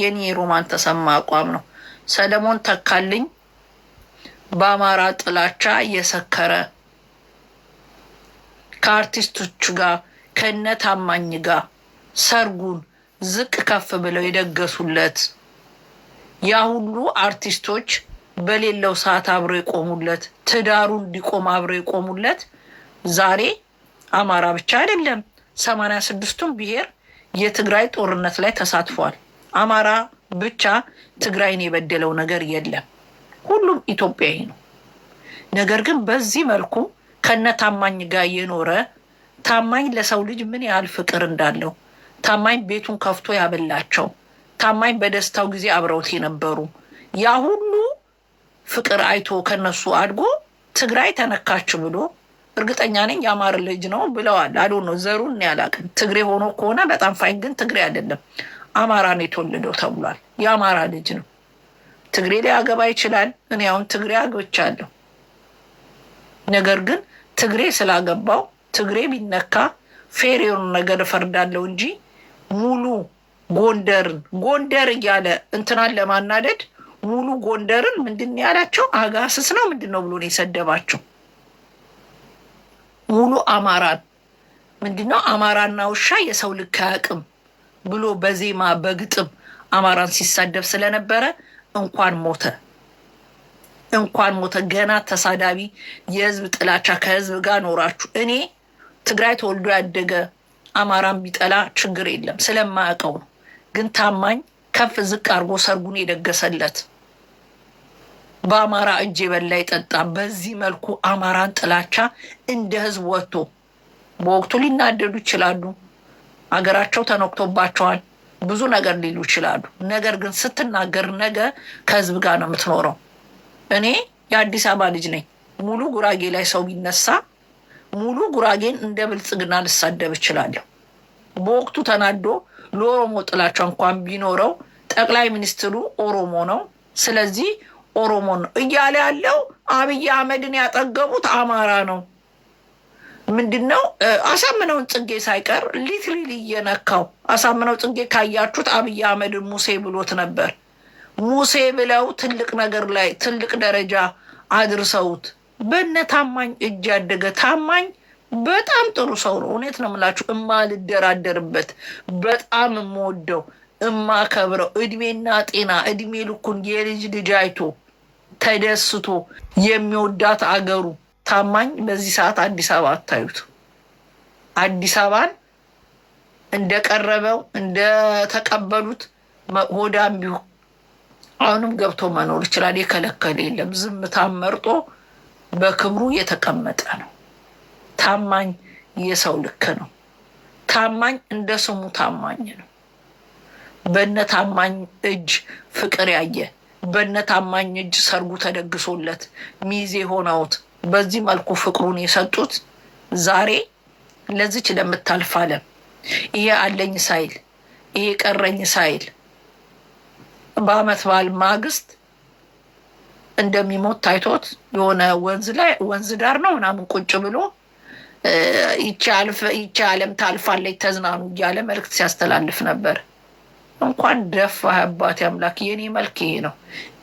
የኔ ሮማን ተሰማ አቋም ነው። ሰለሞን ተካልኝ በአማራ ጥላቻ የሰከረ ከአርቲስቶች ጋር ከነ ታማኝ ጋር ሰርጉን ዝቅ ከፍ ብለው የደገሱለት ያ ሁሉ አርቲስቶች በሌለው ሰዓት አብረው የቆሙለት ትዳሩ እንዲቆም አብረው የቆሙለት ዛሬ አማራ ብቻ አይደለም፣ ሰማንያ ስድስቱም ብሔር የትግራይ ጦርነት ላይ ተሳትፏል። አማራ ብቻ ትግራይን የበደለው ነገር የለም። ሁሉም ኢትዮጵያዊ ነው። ነገር ግን በዚህ መልኩ ከነ ታማኝ ጋር የኖረ ታማኝ ለሰው ልጅ ምን ያህል ፍቅር እንዳለው ታማኝ ቤቱን ከፍቶ ያበላቸው ታማኝ በደስታው ጊዜ አብረውት የነበሩ ያ ሁሉ ፍቅር አይቶ ከነሱ አድጎ ትግራይ ተነካች ብሎ እርግጠኛ ነኝ የአማር ልጅ ነው ብለዋል። አዶ ነው ዘሩን ያላቅም ትግሬ ሆኖ ከሆነ በጣም ፋይን፣ ግን ትግሬ አይደለም። አማራን የተወለደው ተብሏል። የአማራ ልጅ ነው። ትግሬ ሊያገባ ይችላል። እኔ አሁን ትግሬ አግብቻለሁ። ነገር ግን ትግሬ ስላገባው ትግሬ ቢነካ ፌር የሆኑ ነገር እፈርዳለሁ እንጂ ሙሉ ጎንደርን ጎንደር እያለ እንትናን ለማናደድ ሙሉ ጎንደርን ምንድን ያላቸው አጋስስ ነው ምንድን ነው ብሎ ነው የሰደባቸው። ሙሉ አማራን ምንድነው አማራና ውሻ የሰው ልክ አያውቅም ብሎ በዜማ በግጥም አማራን ሲሳደብ ስለነበረ እንኳን ሞተ እንኳን ሞተ። ገና ተሳዳቢ የህዝብ ጥላቻ ከህዝብ ጋር ኖራችሁ። እኔ ትግራይ ተወልዶ ያደገ አማራን ቢጠላ ችግር የለም ስለማያውቀው ነው። ግን ታማኝ ከፍ ዝቅ አድርጎ ሰርጉን የደገሰለት በአማራ እጅ የበላ ይጠጣ። በዚህ መልኩ አማራን ጥላቻ እንደ ህዝብ ወጥቶ በወቅቱ ሊናደዱ ይችላሉ። አገራቸው ተነክቶባቸዋል፣ ብዙ ነገር ሊሉ ይችላሉ። ነገር ግን ስትናገር ነገ ከህዝብ ጋር ነው የምትኖረው። እኔ የአዲስ አበባ ልጅ ነኝ። ሙሉ ጉራጌ ላይ ሰው ቢነሳ ሙሉ ጉራጌን እንደ ብልጽግና ልሳደብ እችላለሁ። በወቅቱ ተናዶ ለኦሮሞ ጥላቻ እንኳን ቢኖረው ጠቅላይ ሚኒስትሩ ኦሮሞ ነው፣ ስለዚህ ኦሮሞ ነው እያለ ያለው አብይ አህመድን ያጠገቡት አማራ ነው። ምንድን ነው አሳምነውን ጽጌ ሳይቀር ሊትሪል እየነካው አሳምነው ጽጌ ካያችሁት አብይ አህመድን ሙሴ ብሎት ነበር። ሙሴ ብለው ትልቅ ነገር ላይ ትልቅ ደረጃ አድርሰውት በነ ታማኝ እጅ ያደገ ታማኝ በጣም ጥሩ ሰው ነው። እውነት ነው የምላችሁ፣ እማልደራደርበት በጣም የምወደው እማከብረው እድሜና ጤና እድሜ ልኩን የልጅ ልጅ አይቶ ተደስቶ የሚወዳት አገሩ ታማኝ በዚህ ሰዓት አዲስ አበባ አታዩት። አዲስ አበባን እንደቀረበው እንደተቀበሉት ሆዳም ቢሆን አሁንም ገብቶ መኖር ይችላል። የከለከለ የለም። ዝምታም መርጦ በክብሩ የተቀመጠ ነው። ታማኝ የሰው ልክ ነው። ታማኝ እንደ ስሙ ታማኝ ነው። በነ ታማኝ እጅ ፍቅር ያየ በነ ታማኝ እጅ ሰርጉ ተደግሶለት ሚዜ ሆነውት በዚህ መልኩ ፍቅሩን የሰጡት ዛሬ ለዚች ለምታልፍ ዓለም ይሄ አለኝ ሳይል ይሄ ቀረኝ ሳይል በአመት በዓል ማግስት እንደሚሞት ታይቶት የሆነ ወንዝ ላይ ወንዝ ዳር ነው ምናምን ቁጭ ብሎ ይቺ አለም ታልፋለች ተዝናኑ እያለ መልእክት ሲያስተላልፍ ነበር። እንኳን ደፋ አባቴ አምላክ፣ የኔ መልክ ይሄ ነው።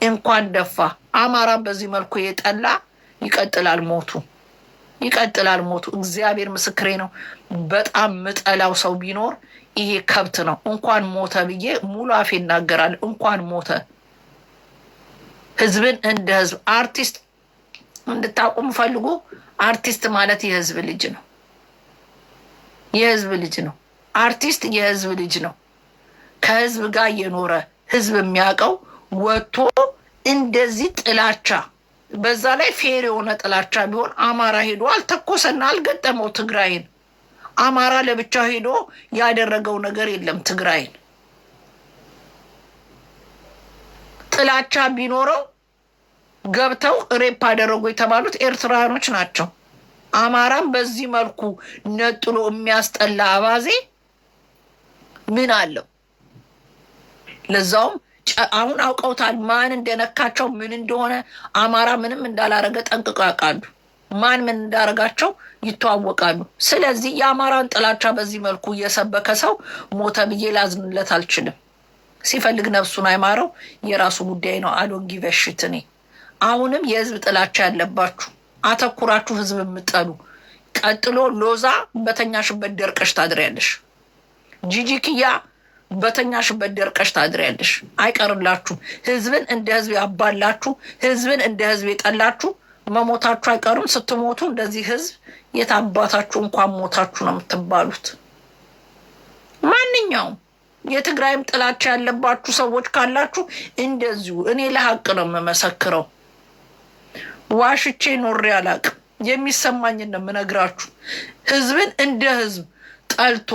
እንኳን ደፋ አማራን በዚህ መልኩ የጠላ ይቀጥላል ሞቱ ይቀጥላል ሞቱ። እግዚአብሔር ምስክሬ ነው። በጣም ምጠላው ሰው ቢኖር ይሄ ከብት ነው። እንኳን ሞተ ብዬ ሙሉ አፌ ይናገራል። እንኳን ሞተ። ህዝብን እንደ ህዝብ አርቲስት እንድታቁም ፈልጉ። አርቲስት ማለት የህዝብ ልጅ ነው። የህዝብ ልጅ ነው። አርቲስት የህዝብ ልጅ ነው። ከህዝብ ጋር የኖረ ህዝብ የሚያውቀው ወጥቶ እንደዚህ ጥላቻ በዛ ላይ ፌር የሆነ ጥላቻ ቢሆን አማራ ሄዶ አልተኮሰና አልገጠመው ትግራይን። አማራ ለብቻ ሄዶ ያደረገው ነገር የለም ትግራይን። ጥላቻ ቢኖረው ገብተው ሬፕ አደረጉ የተባሉት ኤርትራያኖች ናቸው። አማራም በዚህ መልኩ ነጥሎ የሚያስጠላ አባዜ ምን አለው? ለዛውም አሁን አውቀውታል። ማን እንደነካቸው ምን እንደሆነ አማራ ምንም እንዳላረገ ጠንቅቀው ያውቃሉ። ማን ምን እንዳረጋቸው ይተዋወቃሉ። ስለዚህ የአማራን ጥላቻ በዚህ መልኩ እየሰበከ ሰው ሞተ ብዬ ላዝንለት አልችልም። ሲፈልግ ነፍሱን አይማረው፣ የራሱ ጉዳይ ነው። አሎንጊ በሽት እኔ አሁንም የህዝብ ጥላቻ ያለባችሁ አተኩራችሁ ህዝብ የምጠሉ ቀጥሎ ሎዛ በተኛሽበት ደርቀሽ ታድሪያለሽ ጂጂክያ በተኛሽበት ደርቀሽ ታድሪያለሽ። አይቀርላችሁ ህዝብን እንደ ህዝብ ያባላችሁ፣ ህዝብን እንደ ህዝብ የጠላችሁ መሞታችሁ አይቀርም። ስትሞቱ እንደዚህ ህዝብ የት አባታችሁ እንኳን ሞታችሁ ነው የምትባሉት። ማንኛውም የትግራይም ጥላቻ ያለባችሁ ሰዎች ካላችሁ እንደዚሁ እኔ ለሀቅ ነው የምመሰክረው። ዋሽቼ ኖሬ አላቅም። የሚሰማኝን ነው የምነግራችሁ። ህዝብን እንደ ህዝብ ጠልቶ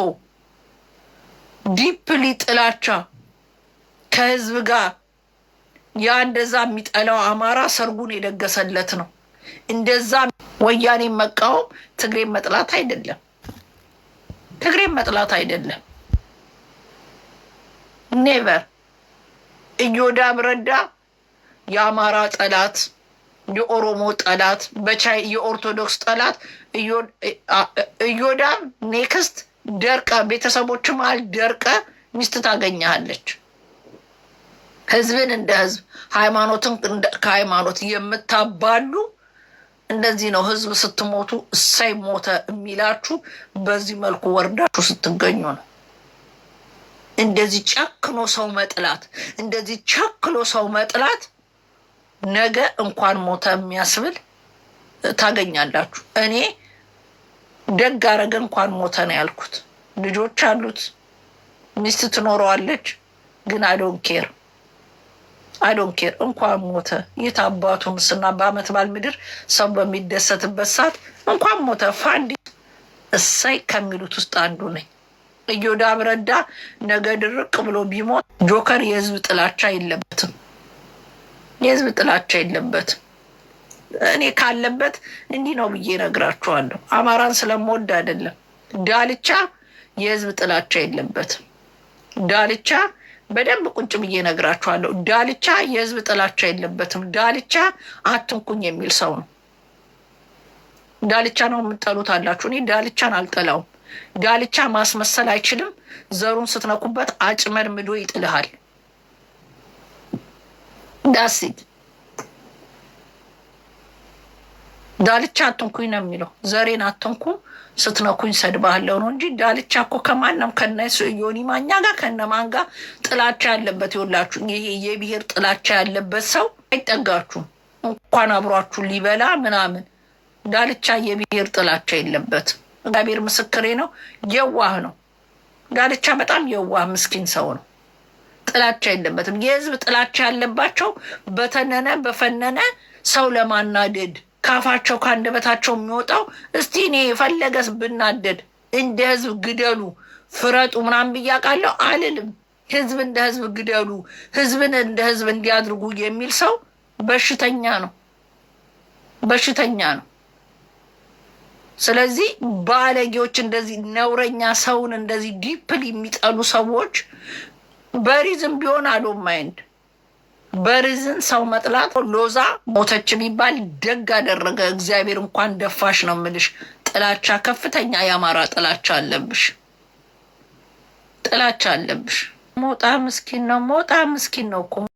ዲፕሊ ጥላቻ ከህዝብ ጋር ያ እንደዛ የሚጠላው አማራ ሰርጉን የደገሰለት ነው። እንደዛ ወያኔ መቃወም ትግሬ መጥላት አይደለም፣ ትግሬ መጥላት አይደለም። ኔቨር እዮዳብ ረዳ የአማራ ጠላት፣ የኦሮሞ ጠላት፣ የኦርቶዶክስ ጠላት እዮዳብ ኔክስት ደርቀ ቤተሰቦች መሀል ደርቀ ሚስት ታገኛለች። ህዝብን እንደ ህዝብ፣ ሃይማኖትን ከሃይማኖት የምታባሉ እንደዚህ ነው። ህዝብ ስትሞቱ እሳይ ሞተ የሚላችሁ በዚህ መልኩ ወርዳችሁ ስትገኙ ነው። እንደዚህ ጨክኖ ሰው መጥላት፣ እንደዚህ ቸክሎ ሰው መጥላት ነገ እንኳን ሞተ የሚያስብል ታገኛላችሁ። እኔ ደግ አረገ እንኳን ሞተ ነው ያልኩት። ልጆች አሉት፣ ሚስት ትኖረዋለች። ግን አዶንኬር አዶንኬር እንኳን ሞተ። የት አባቱ ምስና በአመት ባል ምድር ሰው በሚደሰትበት ሰዓት እንኳን ሞተ። ፋንዲ እሰይ ከሚሉት ውስጥ አንዱ ነኝ። እዮዳብ ረዳ ነገ ድርቅ ብሎ ቢሞት ጆከር የህዝብ ጥላቻ የለበትም። የህዝብ ጥላቻ የለበትም። እኔ ካለበት እንዲህ ነው ብዬ ነግራችኋለሁ። አማራን ስለምወድ አይደለም። ዳልቻ የህዝብ ጥላቻ የለበትም። ዳልቻ በደንብ ቁንጭ ብዬ ነግራችኋለሁ። ዳልቻ የህዝብ ጥላቻ የለበትም። ዳልቻ አትንኩኝ የሚል ሰው ነው። ዳልቻ ነው የምጠሉት አላችሁ። እኔ ዳልቻን አልጠላውም። ዳልቻ ማስመሰል አይችልም። ዘሩን ስትነኩበት አጭመድ ምዶ ይጥልሃል ዳሲት ዳልቻ አትንኩኝ ነው የሚለው። ዘሬን አትንኩ ስትነኩኝ ሰድባለሁ ነው እንጂ ዳልቻ እኮ ከማንም ከነ ዮኒ ማኛ ጋር ከነማን ጋር ጥላቻ ያለበት ይኸውላችሁ፣ ይሄ የብሄር ጥላቻ ያለበት ሰው አይጠጋችሁም። እንኳን አብሯችሁ ሊበላ ምናምን ዳልቻ የብሄር ጥላቻ የለበት። እግዚአብሔር ምስክሬ ነው። የዋህ ነው ዳልቻ። በጣም የዋህ ምስኪን ሰው ነው። ጥላቻ የለበትም። የህዝብ ጥላቻ ያለባቸው በተነነ በፈነነ ሰው ለማናደድ ካፋቸው ከአንደበታቸው የሚወጣው እስቲ እኔ የፈለገስ ብናደድ እንደ ህዝብ ግደሉ ፍረጡ ምናምን ብዬ አውቃለሁ አልልም። ህዝብ እንደ ህዝብ ግደሉ፣ ህዝብን እንደ ህዝብ እንዲያድርጉ የሚል ሰው በሽተኛ ነው፣ በሽተኛ ነው። ስለዚህ ባለጌዎች፣ እንደዚህ ነውረኛ ሰውን እንደዚህ ዲፕል የሚጠሉ ሰዎች በሪዝም ቢሆን አዶማይንድ በርዝን ሰው መጥላት ሎዛ ሞተች የሚባል ደግ አደረገ። እግዚአብሔር እንኳን ደፋሽ ነው የምልሽ። ጥላቻ ከፍተኛ የአማራ ጥላቻ አለብሽ፣ ጥላቻ አለብሽ። ሞጣ ምስኪን ነው፣ ሞጣ ምስኪን ነው እኮ